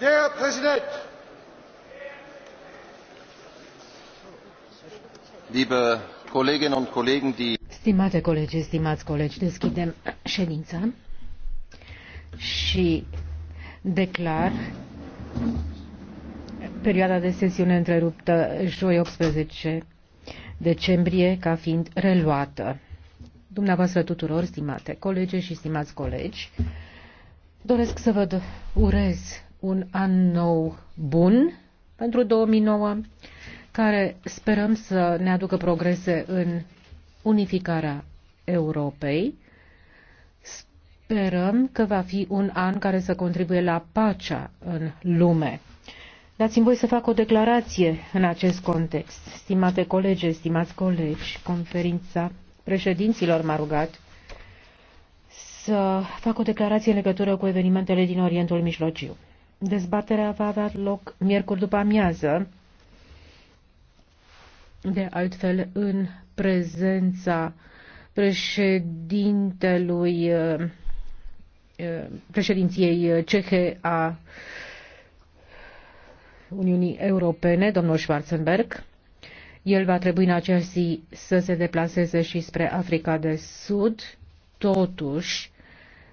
Der Präsident! Liebe Kolleginnen und Kollegen, die Stimate colegi, stimați colegi, deschidem ședința și declar perioada de sesiune întreruptă joi 18 decembrie ca fiind reluată. Dumneavoastră tuturor, stimate colege și stimați colegi, doresc să vă urez un an nou bun pentru 2009, care sperăm să ne aducă progrese în unificarea Europei. Sperăm că va fi un an care să contribuie la pacea în lume. Dați-mi voi să fac o declarație în acest context. Stimate colegi, stimați colegi, conferința președinților m-a rugat să fac o declarație în legătură cu evenimentele din Orientul Mijlociu. Dezbaterea va avea loc miercuri după amiază, de altfel în prezența președintelui eh, eh, președinției cehe a Uniunii Europene, domnul Schwarzenberg. El va trebui în acea zi să se deplaseze și spre Africa de Sud, totuși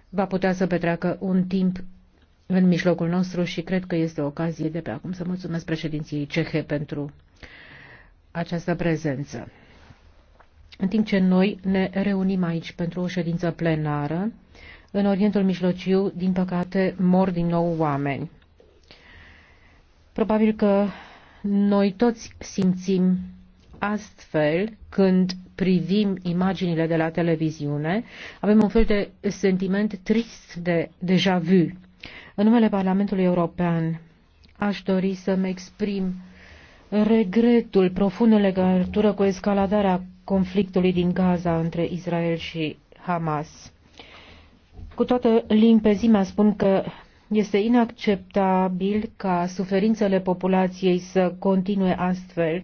va putea să petreacă un timp în mijlocul nostru și cred că este o ocazie de pe acum să mulțumesc președinției cehe pentru această prezență. În timp ce noi ne reunim aici pentru o ședință plenară, în Orientul Mijlociu, din păcate, mor din nou oameni. Probabil că noi toți simțim astfel când privim imaginile de la televiziune, avem un fel de sentiment trist de deja vu. În numele Parlamentului European aș dori să-mi exprim regretul profund în legătură cu escaladarea conflictului din Gaza între Israel și Hamas. Cu toată limpezimea spun că este inacceptabil ca suferințele populației să continue astfel,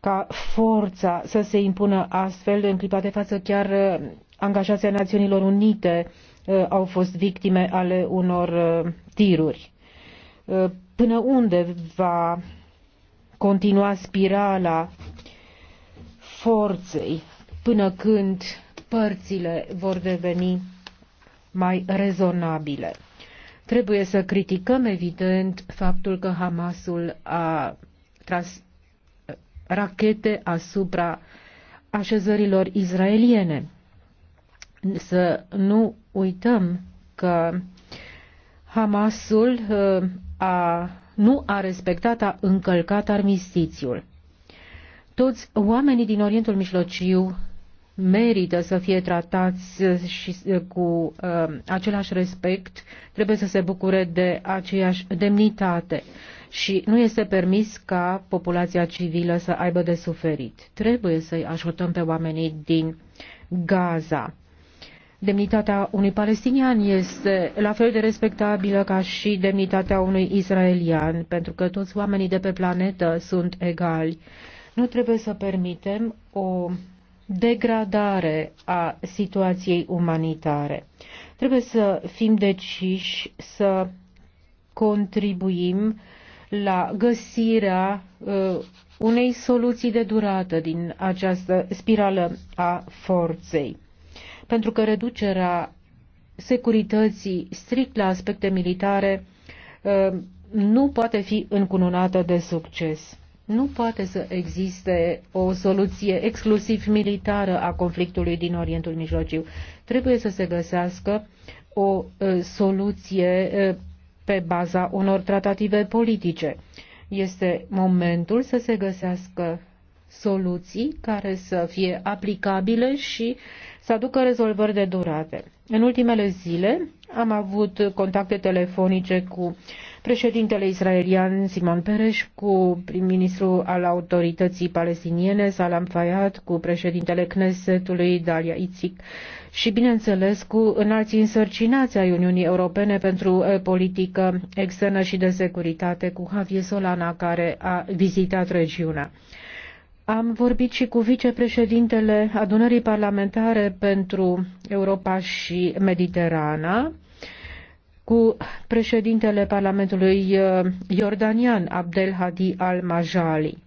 ca forța să se impună astfel, în clipa de față chiar angajația Națiunilor Unite Uh, au fost victime ale unor uh, tiruri. Uh, până unde va continua spirala forței până când părțile vor deveni mai rezonabile. Trebuie să criticăm, evident, faptul că Hamasul a tras rachete asupra așezărilor izraeliene. Să nu uităm că Hamasul uh, a, nu a respectat, a încălcat armistițiul. Toți oamenii din Orientul Mijlociu merită să fie tratați uh, și uh, cu uh, același respect, trebuie să se bucure de aceeași demnitate și nu este permis ca populația civilă să aibă de suferit. Trebuie să-i ajutăm pe oamenii din Gaza. Demnitatea unui palestinian este la fel de respectabilă ca și demnitatea unui israelian, pentru că toți oamenii de pe planetă sunt egali. Nu trebuie să permitem o degradare a situației umanitare. Trebuie să fim deciși să contribuim la găsirea uh, unei soluții de durată din această spirală a forței pentru că reducerea securității strict la aspecte militare uh, nu poate fi încununată de succes. Nu poate să existe o soluție exclusiv militară a conflictului din Orientul Mijlociu. Trebuie să se găsească o uh, soluție uh, pe baza unor tratative politice. Este momentul să se găsească soluții care să fie aplicabile și să aducă rezolvări de durate. În ultimele zile am avut contacte telefonice cu președintele israelian Simon Peres, cu prim-ministru al autorității palestiniene Salam Fayyad, cu președintele Knessetului Dalia Itzik și, bineînțeles, cu înalții însărcinați ai Uniunii Europene pentru politică externă și de securitate, cu Javier Solana, care a vizitat regiunea. Am vorbit și cu vicepreședintele adunării parlamentare pentru Europa și Mediterana, cu președintele Parlamentului uh, Iordanian Abdel Hadi al-Majali,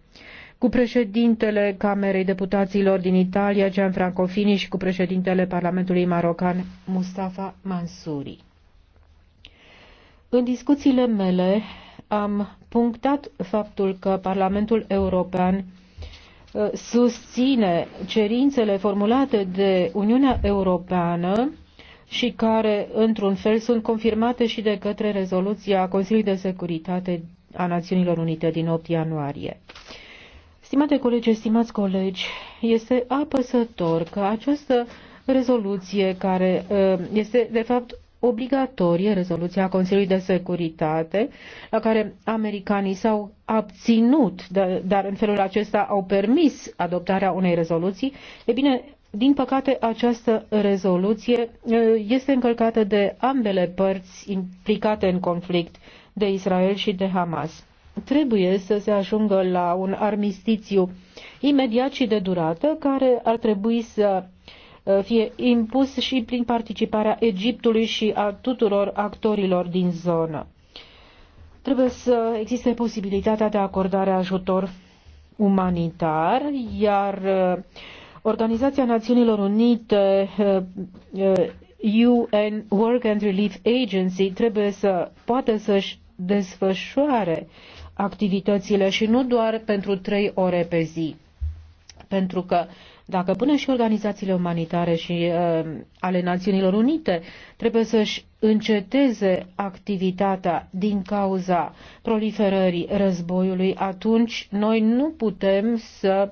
cu președintele Camerei Deputaților din Italia Gianfranco Fini și cu președintele Parlamentului Marocan Mustafa Mansuri. În discuțiile mele am punctat faptul că Parlamentul European susține cerințele formulate de Uniunea Europeană și care, într-un fel, sunt confirmate și de către rezoluția Consiliului de Securitate a Națiunilor Unite din 8 ianuarie. Stimate colegi, stimați colegi, este apăsător că această rezoluție, care uh, este, de fapt, obligatorie rezoluția Consiliului de Securitate, la care americanii s-au abținut, dar în felul acesta au permis adoptarea unei rezoluții, e bine, din păcate, această rezoluție este încălcată de ambele părți implicate în conflict, de Israel și de Hamas. Trebuie să se ajungă la un armistițiu imediat și de durată, care ar trebui să Uh, fie impus și prin participarea Egiptului și a tuturor actorilor din zonă. Trebuie să existe posibilitatea de acordare ajutor umanitar, iar uh, Organizația Națiunilor Unite UN uh, Work and Relief Agency trebuie să poată să-și desfășoare activitățile și nu doar pentru trei ore pe zi. Pentru că uh, dacă până și organizațiile umanitare și uh, ale Națiunilor Unite trebuie să-și înceteze activitatea din cauza proliferării războiului, atunci noi nu putem să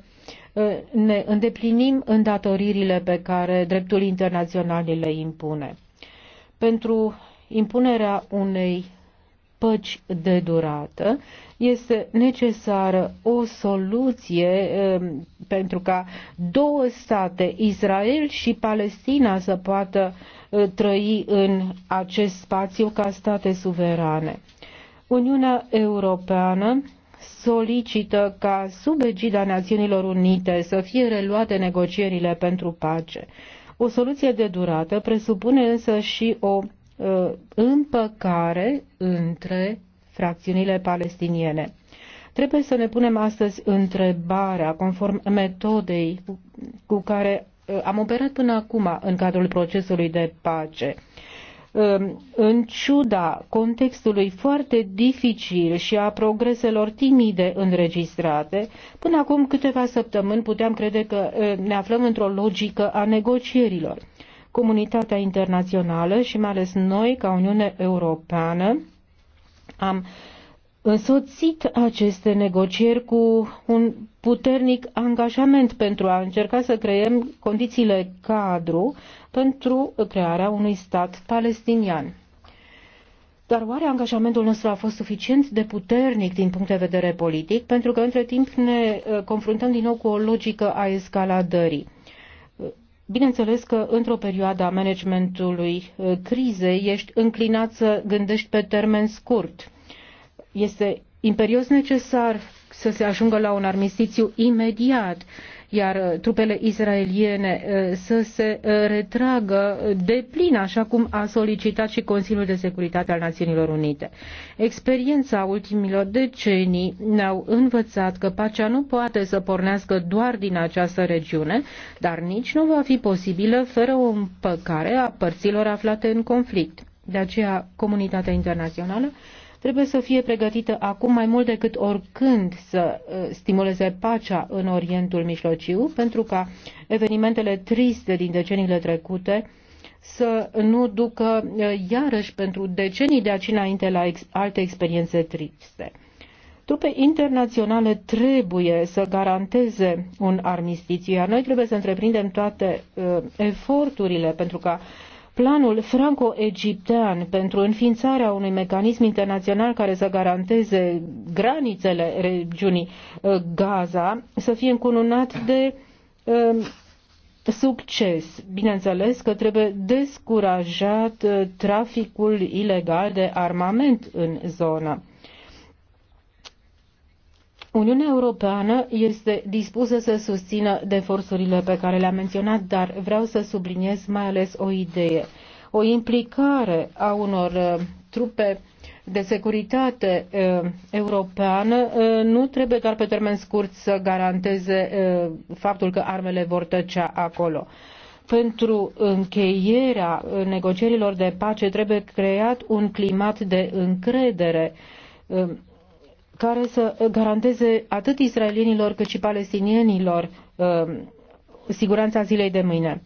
uh, ne îndeplinim îndatoririle pe care dreptul internațional le impune. Pentru impunerea unei păci de durată, este necesară o soluție um, pentru ca două state, Israel și Palestina, să poată uh, trăi în acest spațiu ca state suverane. Uniunea Europeană solicită ca sub egida Națiunilor Unite să fie reluate negocierile pentru pace. O soluție de durată presupune însă și o Uh, împăcare între fracțiunile palestiniene. Trebuie să ne punem astăzi întrebarea, conform metodei cu care uh, am operat până acum în cadrul procesului de pace. Uh, în ciuda contextului foarte dificil și a progreselor timide înregistrate, până acum câteva săptămâni puteam crede că ne aflăm într-o logică a negocierilor comunitatea internațională și mai ales noi, ca Uniune Europeană, am însoțit aceste negocieri cu un puternic angajament pentru a încerca să creăm condițiile cadru pentru crearea unui stat palestinian. Dar oare angajamentul nostru a fost suficient de puternic din punct de vedere politic? Pentru că între timp ne eh, confruntăm din nou cu o logică a escaladării. Bineînțeles că într-o perioadă a managementului uh, crizei ești înclinat să gândești pe termen scurt. Este imperios necesar să se ajungă la un armistițiu imediat iar uh, trupele israeliene uh, să se uh, retragă de plin, așa cum a solicitat și Consiliul de Securitate al Națiunilor Unite. Experiența ultimilor decenii ne-au învățat că pacea nu poate să pornească doar din această regiune, dar nici nu va fi posibilă fără o împăcare a părților aflate în conflict. De aceea, comunitatea internațională trebuie să fie pregătită acum mai mult decât oricând să uh, stimuleze pacea în Orientul Mijlociu, pentru ca evenimentele triste din deceniile trecute să nu ducă uh, iarăși pentru decenii de aici înainte la ex- alte experiențe triste. Trupe internaționale trebuie să garanteze un armistițiu, iar noi trebuie să întreprindem toate uh, eforturile pentru ca Planul franco-egiptean pentru înființarea unui mecanism internațional care să garanteze granițele regiunii uh, Gaza să fie încununat de um, succes. Bineînțeles că trebuie descurajat uh, traficul ilegal de armament în zonă. Uniunea Europeană este dispusă să susțină deforțurile pe care le-am menționat, dar vreau să subliniez mai ales o idee. O implicare a unor uh, trupe de securitate uh, europeană uh, nu trebuie doar pe termen scurt să garanteze faptul că armele vor tăcea acolo. Pentru încheierea negocierilor de pace trebuie creat un climat de încredere care să garanteze atât israelienilor cât și palestinienilor uh, siguranța zilei de mâine.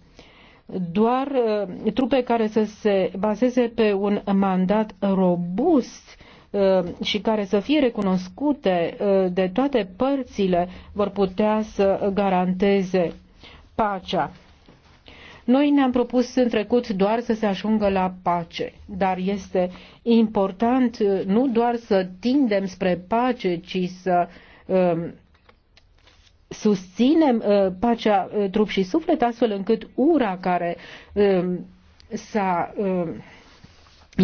Doar uh, trupe care să se bazeze pe un mandat robust uh, și care să fie recunoscute de toate părțile vor putea să garanteze pacea. Noi ne-am propus în trecut doar să se ajungă la pace, dar este important uh, nu doar să tindem spre pace, ci să um, susținem uh, pacea uh, trup și suflet, astfel încât ura care um, s-a um,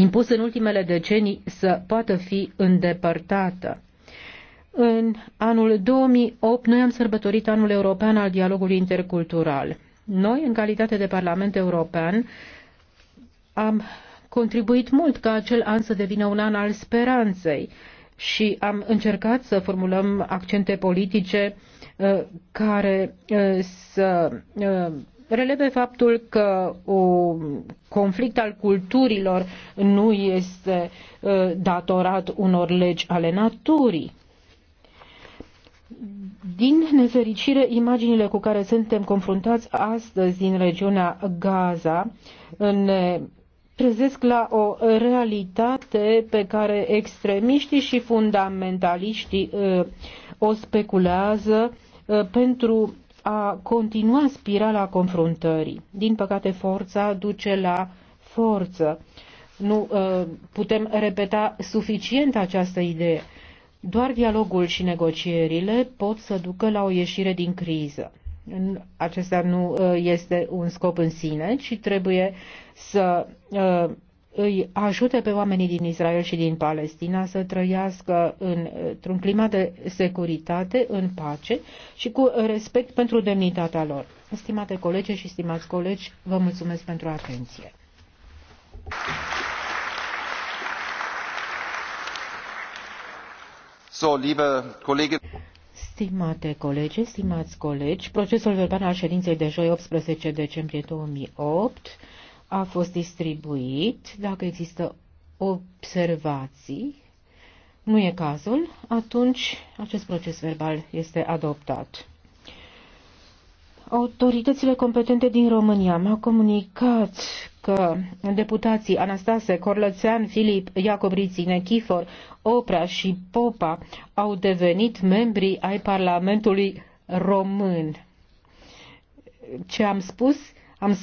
impus în ultimele decenii să poată fi îndepărtată. În anul 2008 noi am sărbătorit anul european al dialogului intercultural. Noi, în calitate de Parlament European, am contribuit mult ca acel an să devină un an al speranței și am încercat să formulăm accente politice uh, care uh, să uh, releve faptul că un conflict al culturilor nu este datorat unor legi ale naturii. Din nefericire, imaginile cu care suntem confruntați astăzi din regiunea Gaza ne trezesc la o realitate pe care extremiștii și fundamentaliștii uh, o speculează uh, pentru a continua spirala confruntării. Din păcate, forța duce la forță. Nu uh, putem repeta suficient această idee. Doar dialogul și negocierile pot să ducă la o ieșire din criză. Acesta nu uh, este un scop în sine, ci trebuie să uh, îi ajute pe oamenii din Israel și din Palestina să trăiască într-un climat de securitate, în pace și cu respect pentru demnitatea lor. Stimate colege și stimați colegi, vă mulțumesc pentru atenție. Stimate colegi, stimați colegi, procesul verbal al ședinței de joi 18 decembrie 2008 a fost distribuit. Dacă există observații, nu e cazul, atunci acest proces verbal este adoptat. Autoritățile competente din România mi-au comunicat că deputații Anastase, Corlățean, Filip, Iacobriți, Nechifor, Oprea și Popa au devenit membri ai Parlamentului Român. Ce am spus? Am,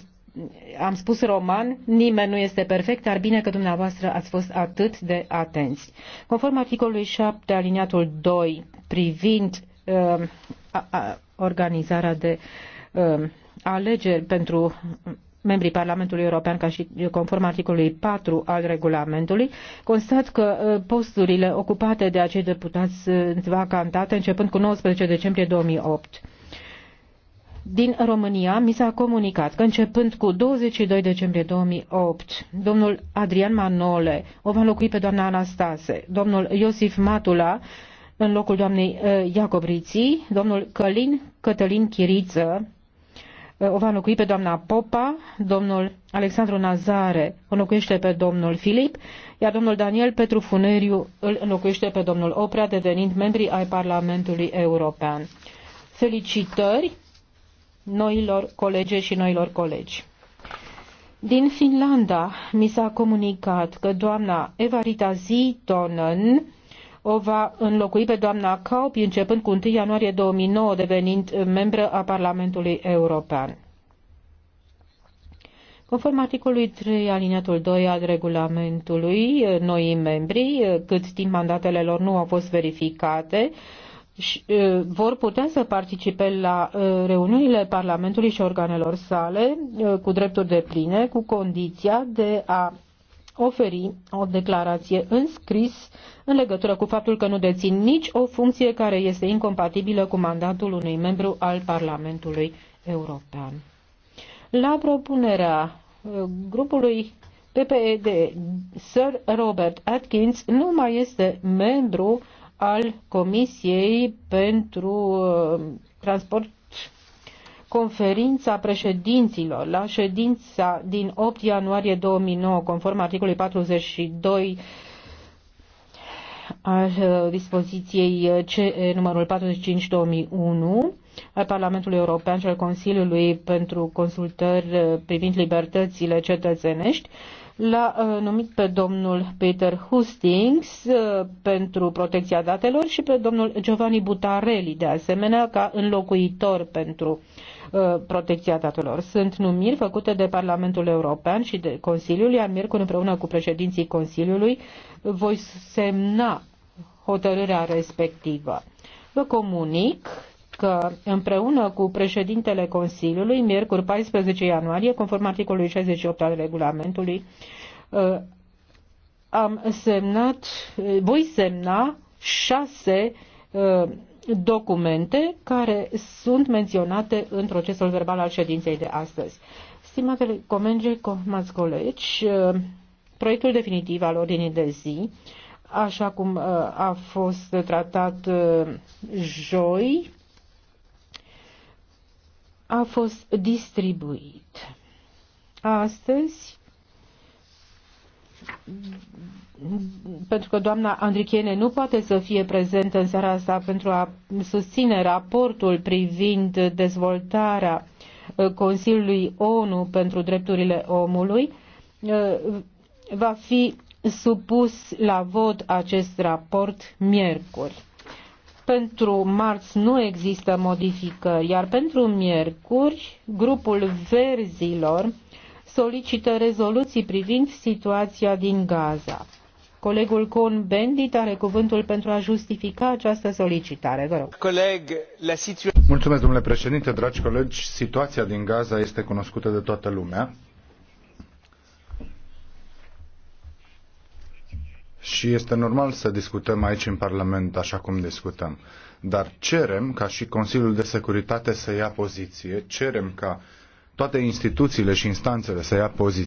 am spus roman, nimeni nu este perfect, dar bine că dumneavoastră ați fost atât de atenți. Conform articolului 7, aliniatul 2, privind uh, a, a, organizarea de uh, Um, alegeri pentru membrii Parlamentului European ca și conform articolului 4 al regulamentului, constat că uh, posturile ocupate de acei deputați uh, sunt vacantate începând cu 19 decembrie 2008. Din România mi s-a comunicat că începând cu 22 decembrie 2008, domnul Adrian Manole o va înlocui pe doamna Anastase, domnul Iosif Matula în locul doamnei uh, Iacobriții, domnul Călin Cătălin Chiriță Eh, o va înlocui pe doamna Popa, domnul Alexandru Nazare înlocuiește pe domnul Filip, iar domnul Daniel Petru Funeriu îl înlocuiește pe domnul Oprea, devenind membrii ai Parlamentului European. Felicitări noilor colege și noilor colegi. Din Finlanda mi s-a comunicat că doamna Evarita Zitonen o va înlocui pe doamna Kaup, începând cu 1 ianuarie 2009, devenind membră a Parlamentului European. Conform articolului 3 alineatul 2 al regulamentului, noii membri, cât timp mandatele lor nu au fost verificate, vor putea să participe la reuniunile Parlamentului și organelor sale cu drepturi de pline, cu condiția de a oferi o declarație în scris în legătură cu faptul că nu dețin nici o funcție care este incompatibilă cu mandatul unui membru al Parlamentului European. La propunerea uh, grupului PPED, Sir Robert Atkins nu mai este membru al Comisiei pentru uh, Transport conferința președinților la ședința din 8 ianuarie 2009, conform articolului 42 al uh, dispoziției uh, C, uh, numărul 45-2001 al Parlamentului European și al Consiliului pentru consultări privind libertățile cetățenești, L-a uh, numit pe domnul Peter Hustings uh, pentru protecția datelor și pe domnul Giovanni Butarelli, de asemenea, ca înlocuitor pentru uh, protecția datelor. Sunt numiri făcute de Parlamentul European și de Consiliul, iar miercuri împreună cu președinții Consiliului voi semna hotărârea respectivă. Vă comunic că împreună cu președintele Consiliului, miercuri 14 ianuarie, conform articolului 68 al regulamentului, uh, am semnat, uh, voi semna șase uh, documente care sunt menționate în procesul verbal al ședinței de astăzi. Stimatele comenge, comați colegi, proiectul definitiv al ordinii de zi, așa cum a fost tratat joi, a fost distribuit. Astăzi, pentru că doamna Andrichene nu poate să fie prezentă în seara asta pentru a susține raportul privind dezvoltarea uh, Consiliului ONU pentru drepturile omului, uh, va fi supus la vot acest raport miercuri. Pentru marți nu există modificări, iar pentru miercuri, grupul verzilor solicită rezoluții privind situația din Gaza. Colegul Con Bendit are cuvântul pentru a justifica această solicitare. Vă rog. Coleg, la situa- Mulțumesc, domnule președinte, dragi colegi. Situația din Gaza este cunoscută de toată lumea și este normal să discutăm aici în Parlament așa cum discutăm. Dar cerem ca și Consiliul de Securitate să ia poziție, cerem ca toate instituțiile și instanțele să ia poziție.